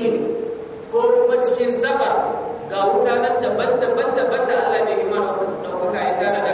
ne ko kuma cikin safar ga wuta nan daban-daban daban da Allah ne imanin ɗaukaka ya tana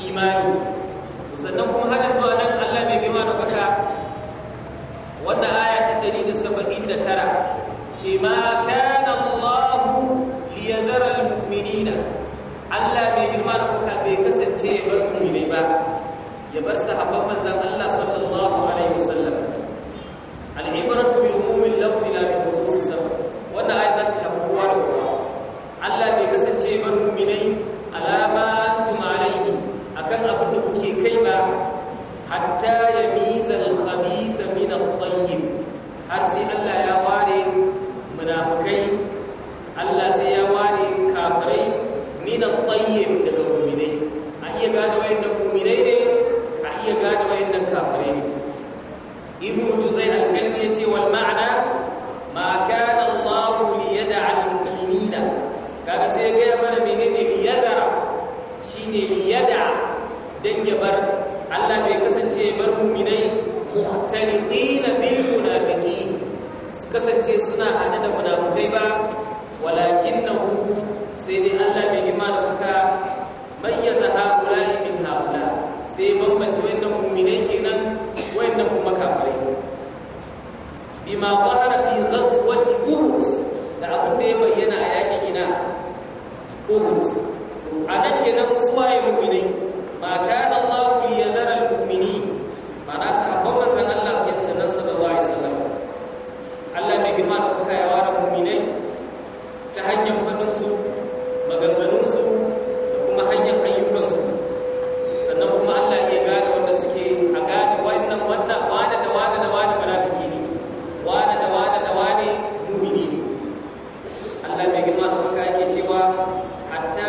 imani sannan kuma halin zuwa nan Allah mai girma da baka Wanda aya ta 179 ce ma kana Allah liyadara almu'minina Allah mai girma da baka bai kasance ya bar mu'mini ba ya bar sahabban manzon Allah sallallahu alaihi wasallam al-ibratu bi umumil lafzi la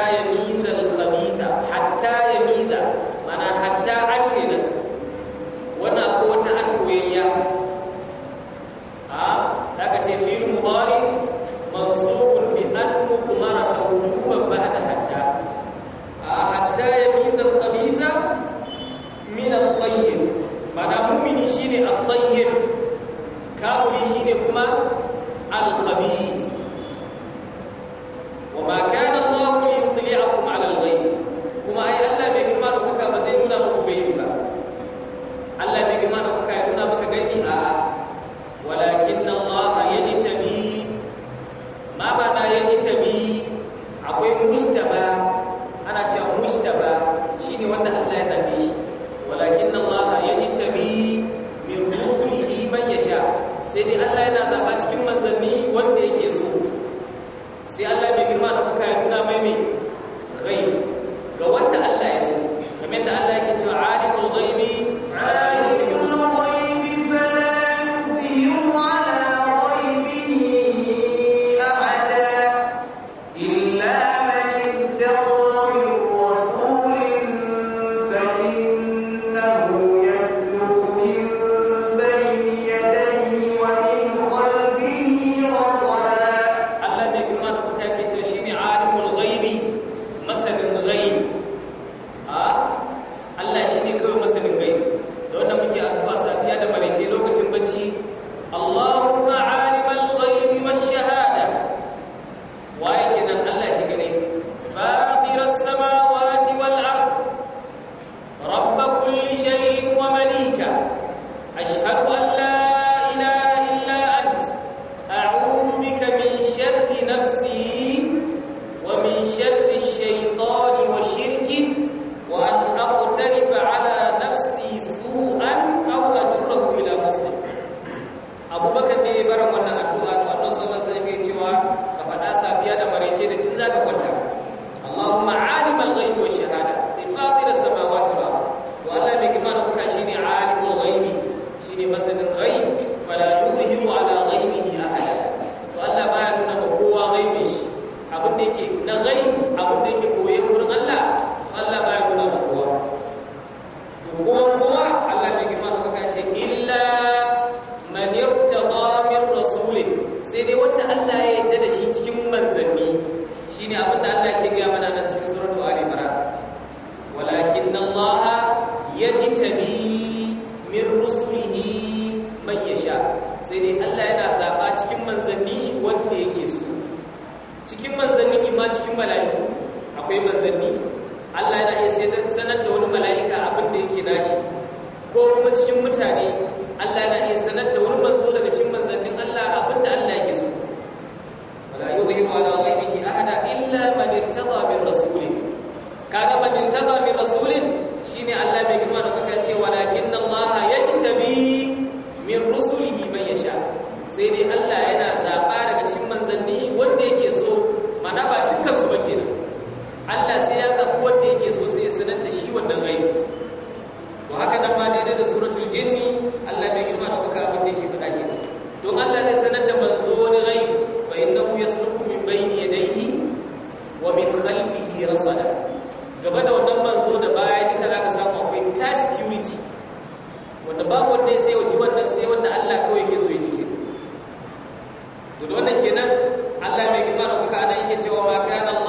لا يميل khalfihi gaba da wannan manzo da baya ita zaka samu akwai tight security wanda babu wanda sai waje wannan sai wanda Allah kawai yake so ya jike to da wannan kenan Allah mai girma da kuka ana yake cewa ma kana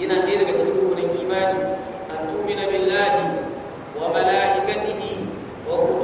yana ɗaya daga cikin rukunin imani an tumina billahi wa malaikatihi wa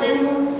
help you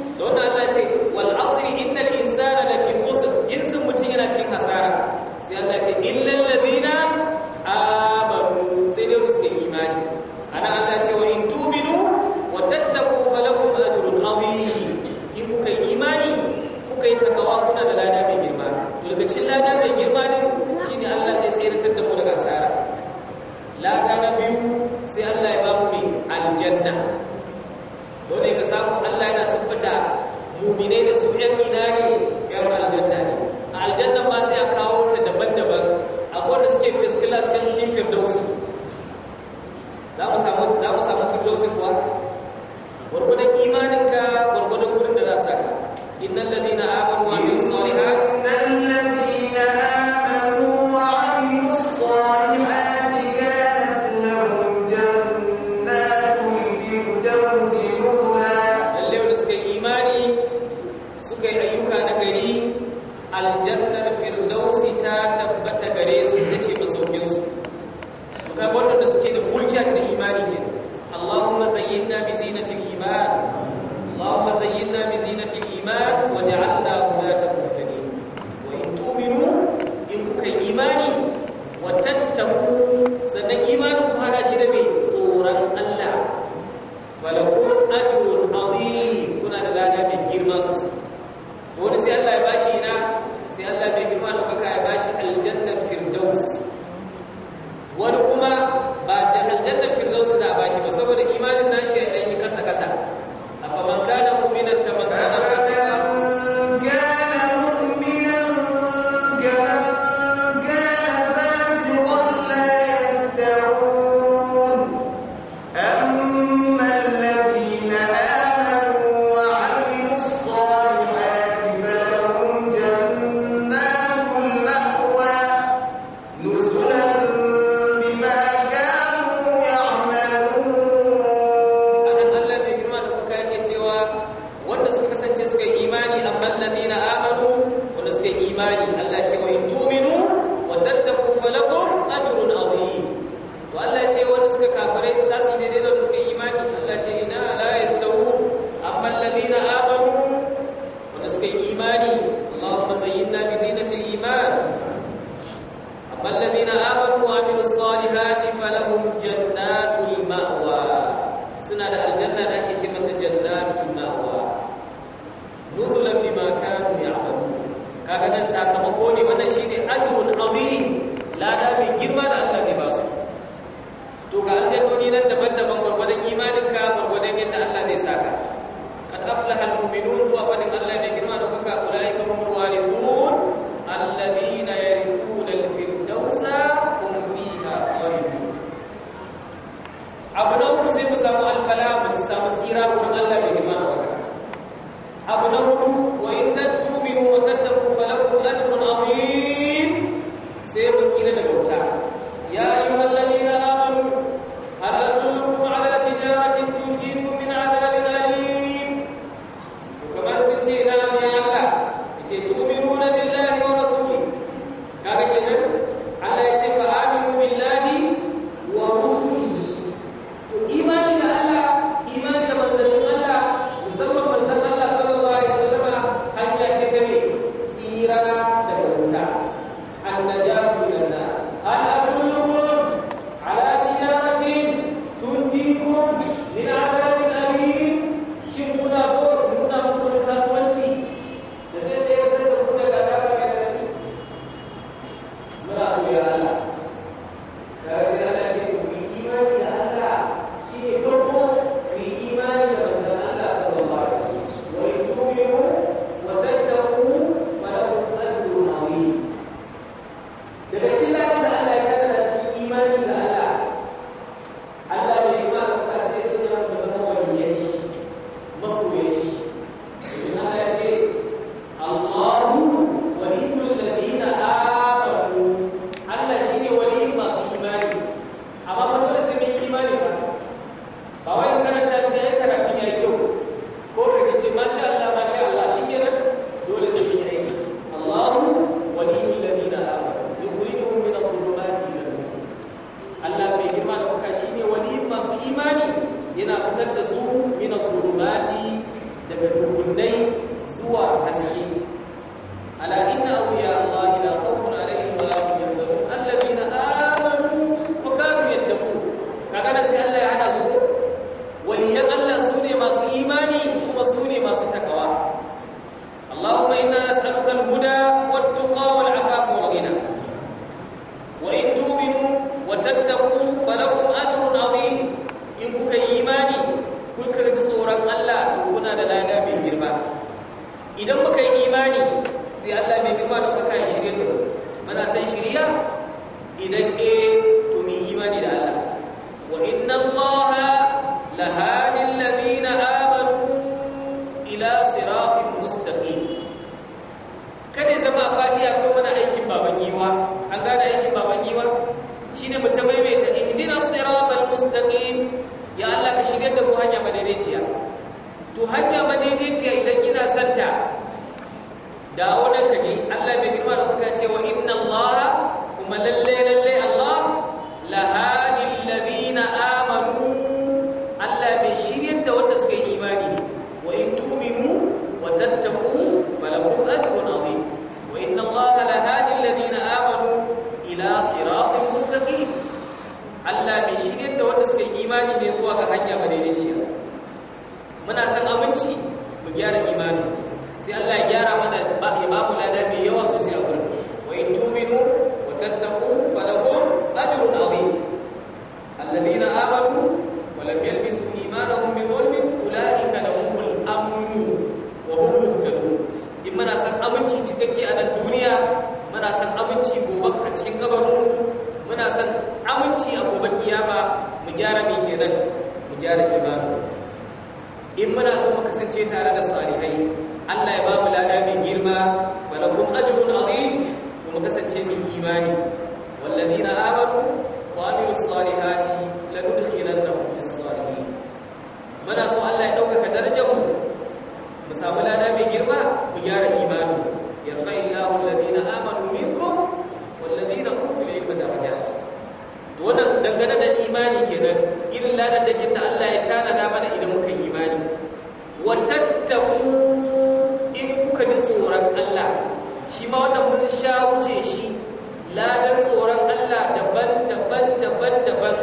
ladan tsoron Allah daban daban daban daban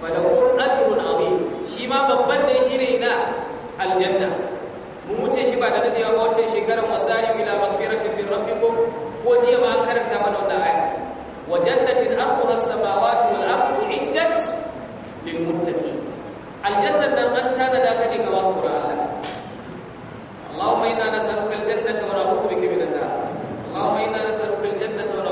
falakun ajrun azim shi ma babban dai shine na aljanna Mu wuce shi ba da dadewa ba wace shekaran wasali ila magfiratin min rabbikum ko jiya ma karanta mana wannan aya wa jannatin arduha samawati wal ardu iddat lil muttaqin aljanna nan an tanada ta ne ga masu tsoron Allah اللهم إنا نسألك الجنة ونعوذ بك من nar Allahumma inna nas'aluka aljannata wa